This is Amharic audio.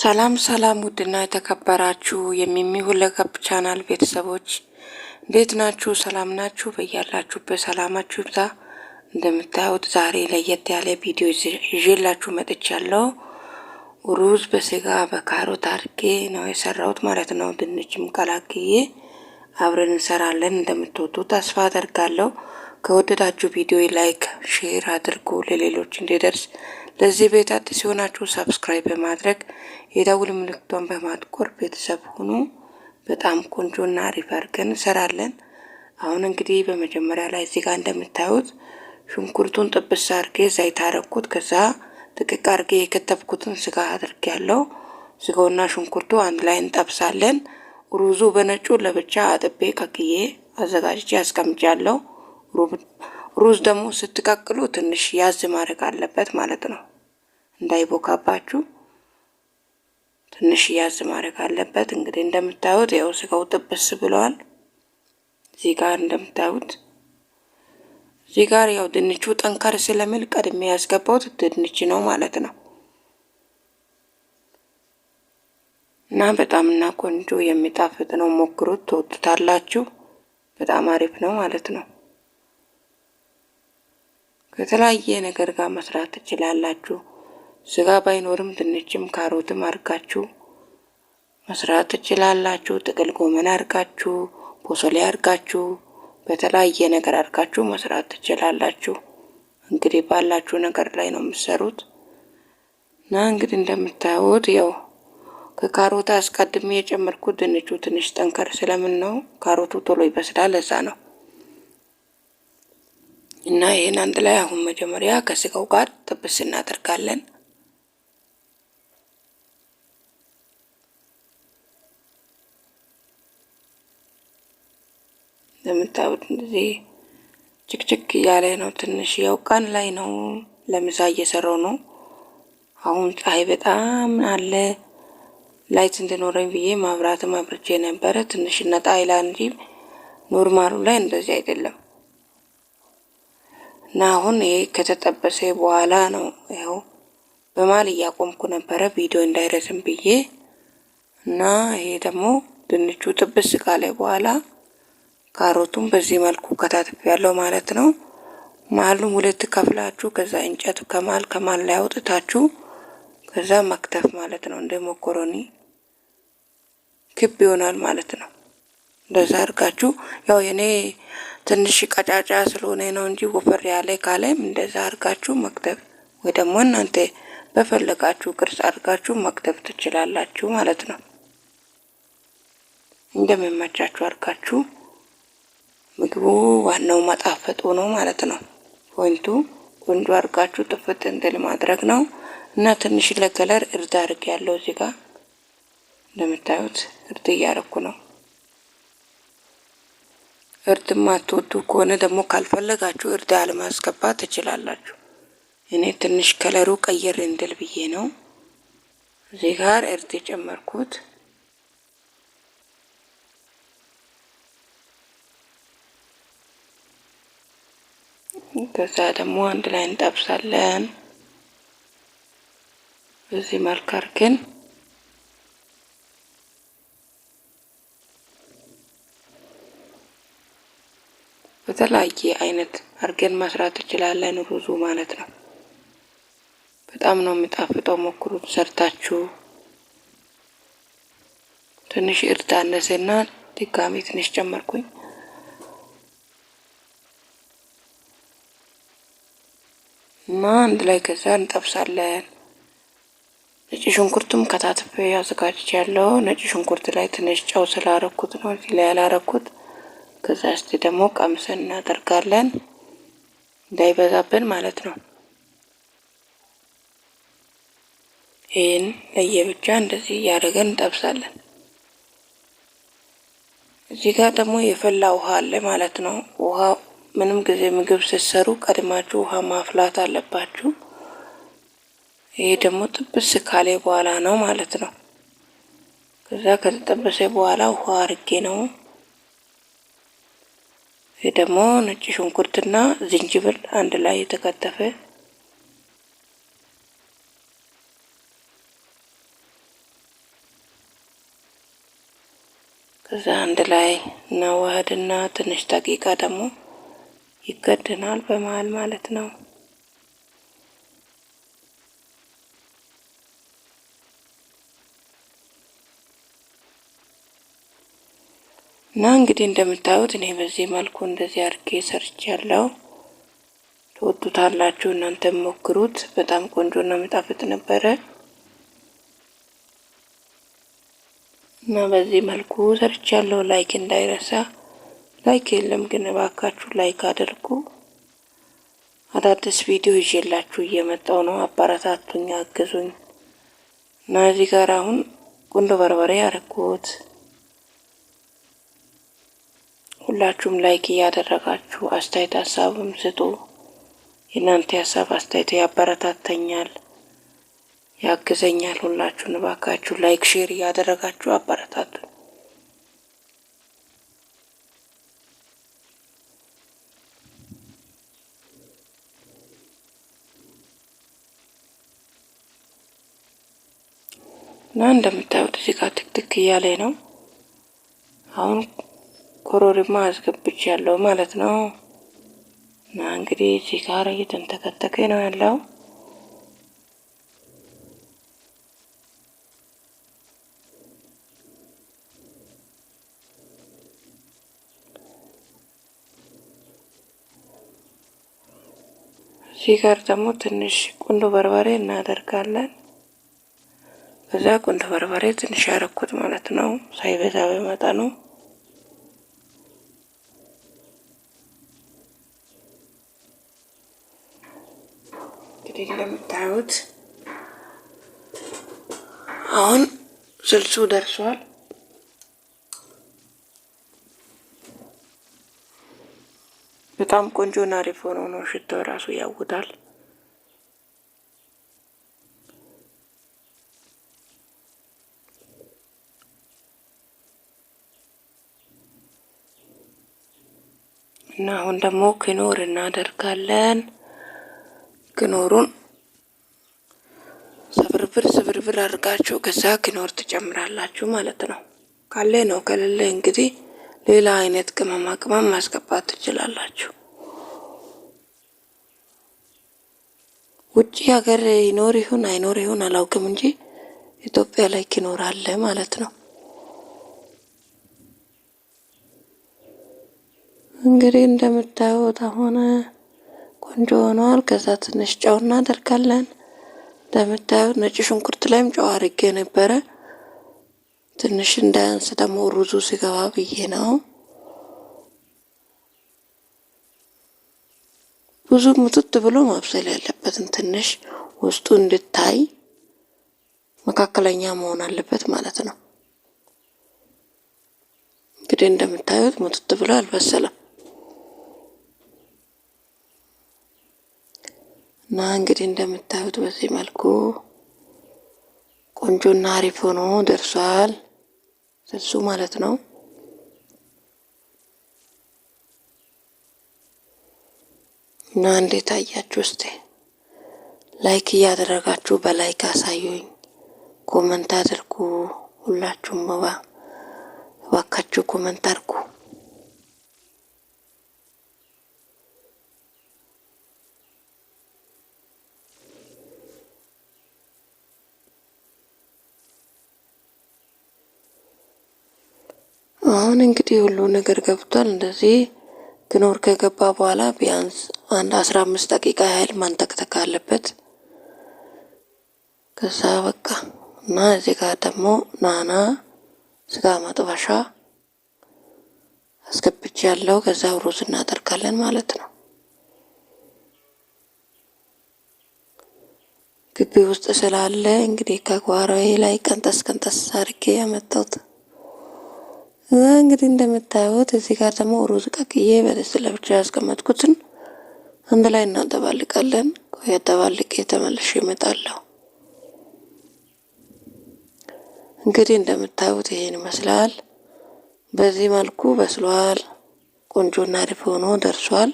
ሰላም ሰላም፣ ውድና የተከበራችሁ የሚሚ ቻናል ቤተሰቦች እንዴት ናችሁ? ሰላም ናችሁ? በያላችሁበት ሰላማችሁ ይብዛ። እንደምታዩት ዛሬ ለየት ያለ ቪዲዮ ይዤላችሁ መጥቻለሁ። ሩዝ በስጋ በካሮት አድርጌ ነው የሰራሁት ማለት ነው። ድንችም ቀላቅዬ አብረን እንሰራለን። እንደምትወጡ ተስፋ አደርጋለሁ። ከወደዳችሁ ቪዲዮ ላይክ፣ ሼር አድርጉ ለሌሎች እንዲደርስ ለዚህ ቤት አዲስ የሆናችሁ ሰብስክራይብ በማድረግ የደውል ምልክቷን በማጥቆር ቤተሰብ ሁኑ። በጣም ቆንጆና አሪፍ አድርገን እንሰራለን። አሁን እንግዲህ በመጀመሪያ ላይ እዚህ ጋር እንደምታዩት ሽንኩርቱን ጥብስ አድርጌ ዘይት አረኩት። ከዛ ጥቅቅ አድርጌ የከተብኩትን ስጋ አድርጌ ያለው ስጋውና ሽንኩርቱ አንድ ላይ እንጠብሳለን። ሩዙ በነጩ ለብቻ አጥቤ ከክዬ አዘጋጅቼ አስቀምጫለሁ። ሩዝ ደግሞ ስትቀቅሉ ትንሽ ያዝ ማድረግ አለበት ማለት ነው። እንዳይቦካባችሁ ትንሽ ያዝ ማድረግ አለበት። እንግዲህ እንደምታዩት ያው ስጋው ጥብስ ብለዋል። እዚህ ጋር እንደምታዩት እዚህ ጋር ያው ድንቹ ጠንከር ስለሚል ቀድሜ ያስገባሁት ድንች ነው ማለት ነው። እና በጣም እና ቆንጆ የሚጣፍጥ ነው። ሞክሩት፣ ትወጡታላችሁ በጣም አሪፍ ነው ማለት ነው። ከተለያየ ነገር ጋር መስራት ትችላላችሁ። ስጋ ባይኖርም ድንችም ካሮትም አርጋችሁ መስራት ትችላላችሁ። ጥቅል ጎመን አርጋችሁ፣ ቦሶሌ አርጋችሁ፣ በተለያየ ነገር አርጋችሁ መስራት ትችላላችሁ። እንግዲህ ባላችሁ ነገር ላይ ነው የምትሰሩት እና እንግዲህ እንደምታዩት ያው ከካሮት አስቀድሜ የጨመርኩት ድንቹ ትንሽ ጠንከር ስለምን ነው፣ ካሮቱ ቶሎ ይበስላል። ለዛ ነው እና ይህን አንድ ላይ አሁን መጀመሪያ ከስጋው ጋር ጥብስ እናደርጋለን። እንደምታዩት እንደዚህ ችክችክ እያለ ነው። ትንሽ ያው ቀን ላይ ነው ለምሳ እየሰራው ነው። አሁን ፀሐይ በጣም አለ። ላይት እንድኖረኝ ብዬ ማብራትም አብርቼ ነበረ። ትንሽ ነጣ ይላል እንጂ ኖርማሉ ላይ እንደዚህ አይደለም። እና አሁን ይሄ ከተጠበሰ በኋላ ነው። ይኸው በማል እያቆምኩ ነበረ ቪዲዮ እንዳይረዝም ብዬ እና ይሄ ደግሞ ድንቹ ጥብስ ካለ በኋላ ካሮቱን በዚህ መልኩ ከታትፍ ያለው ማለት ነው። መሀሉም ሁለት ከፍላችሁ ከዛ እንጨት ከማል ከማል ላይ አውጥታችሁ ከዛ መክተፍ ማለት ነው። እንደ መኮረኒ ክብ ይሆናል ማለት ነው። እንደዛ አድርጋችሁ ያው የኔ ትንሽ ቀጫጫ ስለሆነ ነው እንጂ ወፈር ያለ ካለም እንደዛ አድርጋችሁ መክተብ ወይ ደግሞ እናንተ በፈለጋችሁ ቅርጽ አድርጋችሁ መክተብ ትችላላችሁ ማለት ነው። እንደሚመቻችሁ አድርጋችሁ ምግቡ ዋናው ማጣፈጡ ነው ማለት ነው። ፖይንቱ ቆንጆ አድርጋችሁ ጥፍት እንድል ማድረግ ነው እና ትንሽ ለከለር እርድ አድርግ ያለው እዚህ ጋር እንደምታዩት እርድ እያረኩ ነው። እርድ ማትወዱ ከሆነ ደግሞ ካልፈለጋችሁ እርድ አለማስገባት ትችላላችሁ። እኔ ትንሽ ከለሩ ቀየር እንድል ብዬ ነው እዚህ ጋር እርድ የጨመርኩት። ከዛ ደግሞ አንድ ላይ እንጠብሳለን። በዚህ መልክ አድርገን በተለያየ አይነት አድርገን መስራት እንችላለን። ሩዙ ማለት ነው። በጣም ነው የሚጣፍጠው። ሞክሩት ሰርታችሁ። ትንሽ እርድ አነሰና ድጋሜ ትንሽ ጨመርኩኝ። እና አንድ ላይ ከዛ እንጠብሳለን። ነጭ ሽንኩርቱም ከታትፌ አዘጋጅቻለሁ። ነጭ ሽንኩርት ላይ ትንሽ ጨው ስላረኩት ነው እዚህ ላይ ያላረኩት። ከዛ እስቲ ደግሞ ቀምሰን እናደርጋለን እንዳይበዛብን ማለት ነው። ይህን ለየብቻ እንደዚህ እያደረገን እንጠብሳለን። እዚህ ጋር ደግሞ የፈላ ውሃ አለ ማለት ነው። ውሃ ምንም ጊዜ ምግብ ስትሰሩ ቀድማችሁ ውሃ ማፍላት አለባችሁ። ይሄ ደግሞ ጥብስ ካሌ በኋላ ነው ማለት ነው። ከዛ ከተጠበሰ በኋላ ውሃ አርጌ ነው ይህ ደግሞ ነጭ ሽንኩርትና ዝንጅብል አንድ ላይ የተከተፈ ከዛ አንድ ላይ እናዋህድና ትንሽ ደቂቃ ደግሞ ይከድናል በመሀል ማለት ነው። እና እንግዲህ እንደምታዩት እኔ በዚህ መልኩ እንደዚህ አድርጌ ሰርች ያለው ትወዱታላችሁ። እናንተ ሞክሩት። በጣም ቆንጆ እና መጣፍጥ ነበረ እና በዚህ መልኩ ሰርች ያለው ላይክ እንዳይረሳ። ላይክ የለም ግን እባካችሁ ላይክ አድርጉ። አዳዲስ ቪዲዮ ይዤላችሁ እየመጣው ነው። አባራታቱኝ፣ አግዙኝ እና እዚህ ጋር አሁን ቁንዶ በርበሬ አረኩት። ሁላችሁም ላይክ እያደረጋችሁ አስተያየት ሀሳብም ስጡ። የእናንተ ሀሳብ አስተያየት ያበረታተኛል፣ ያግዘኛል። ሁላችሁን እባካችሁ ላይክ ሼር እያደረጋችሁ አበረታቱ። እና እንደምታዩት እዚህ ጋር ትክትክ እያለ ነው አሁን ኮረሪማ ያለው ማለት ነው። እና እንግዲህ እዚህ ጋር እየተንተከተከ ነው ያለው። እዚህ ጋር ደግሞ ትንሽ ቁንዶ በርበሬ እናደርጋለን። ከዛ ቁንዶ በርበሬ ትንሽ ያረኩት ማለት ነው፣ ሳይበዛ በመጠኑ جديد اللي متعود هون جلسو درسوال بطعم كونجو ناري فورونو شتو راسو يعودال እና አሁን ደግሞ ክኖር እናደርጋለን። ግኖሩን ስብርብር ስብርብር አድርጋችሁ ከዛ ግኖር ትጨምራላችሁ ማለት ነው። ካለ ነው፣ ከሌለ እንግዲህ ሌላ አይነት ቅመማ ቅመም ማስገባት ትችላላችሁ። ውጭ ሀገር ይኖር ይሁን አይኖር ይሁን አላውቅም እንጂ ኢትዮጵያ ላይ ኪኖር አለ ማለት ነው። እንግዲህ እንደምታዩት አሁን ቆንጆ ሆኗል። ከዛ ትንሽ ጨው እናደርጋለን። እንደምታዩት ነጭ ሽንኩርት ላይም ጨው አድርጌ ነበረ። ትንሽ እንዳያንስ ደግሞ ሩዙ ሲገባ ብዬ ነው። ብዙ ሙትት ብሎ ማብሰል ያለበትን ትንሽ ውስጡ እንድታይ መካከለኛ መሆን አለበት ማለት ነው። እንግዲህ እንደምታዩት ሙትት ብሎ አልበሰለም። እና እንግዲህ እንደምታዩት በዚህ መልኩ ቆንጆና አሪፍ ሆኖ ደርሷል። ስልሱ ማለት ነው። እና እንዴት አያችሁ? እስቲ ላይክ እያደረጋችሁ በላይክ አሳዩኝ፣ ኮመንት አድርጉ። ሁላችሁም እባካችሁ ኮመንት አድርጉ። አሁን እንግዲህ ሁሉ ነገር ገብቷል። እንደዚህ ክኖር ከገባ በኋላ ቢያንስ አንድ አስራ አምስት ደቂቃ ያህል ማንጠቅጠቅ አለበት። ከዛ በቃ እና እዚህ ጋር ደግሞ ናና ስጋ መጥበሻ አስገብቼ ያለው ከዛ ሩዝ እናጠርጋለን ማለት ነው። ግቢ ውስጥ ስላለ እንግዲህ ከጓሮዬ ላይ ቀንጠስ ቀንጠስ አድርጌ ያመጣሁት እዛ እንግዲህ እንደምታዩት እዚህ ጋር ደግሞ ሩዝ ቀቅዬ በደስ ለብቻ ያስቀመጥኩትን አንድ ላይ እናጠባልቃለን። ቆይ አጠባልቄ ተመልሼ እመጣለሁ። እንግዲህ እንደምታዩት ይሄን ይመስላል። በዚህ መልኩ በስሏል። ቆንጆና አሪፍ ሆኖ ደርሷል።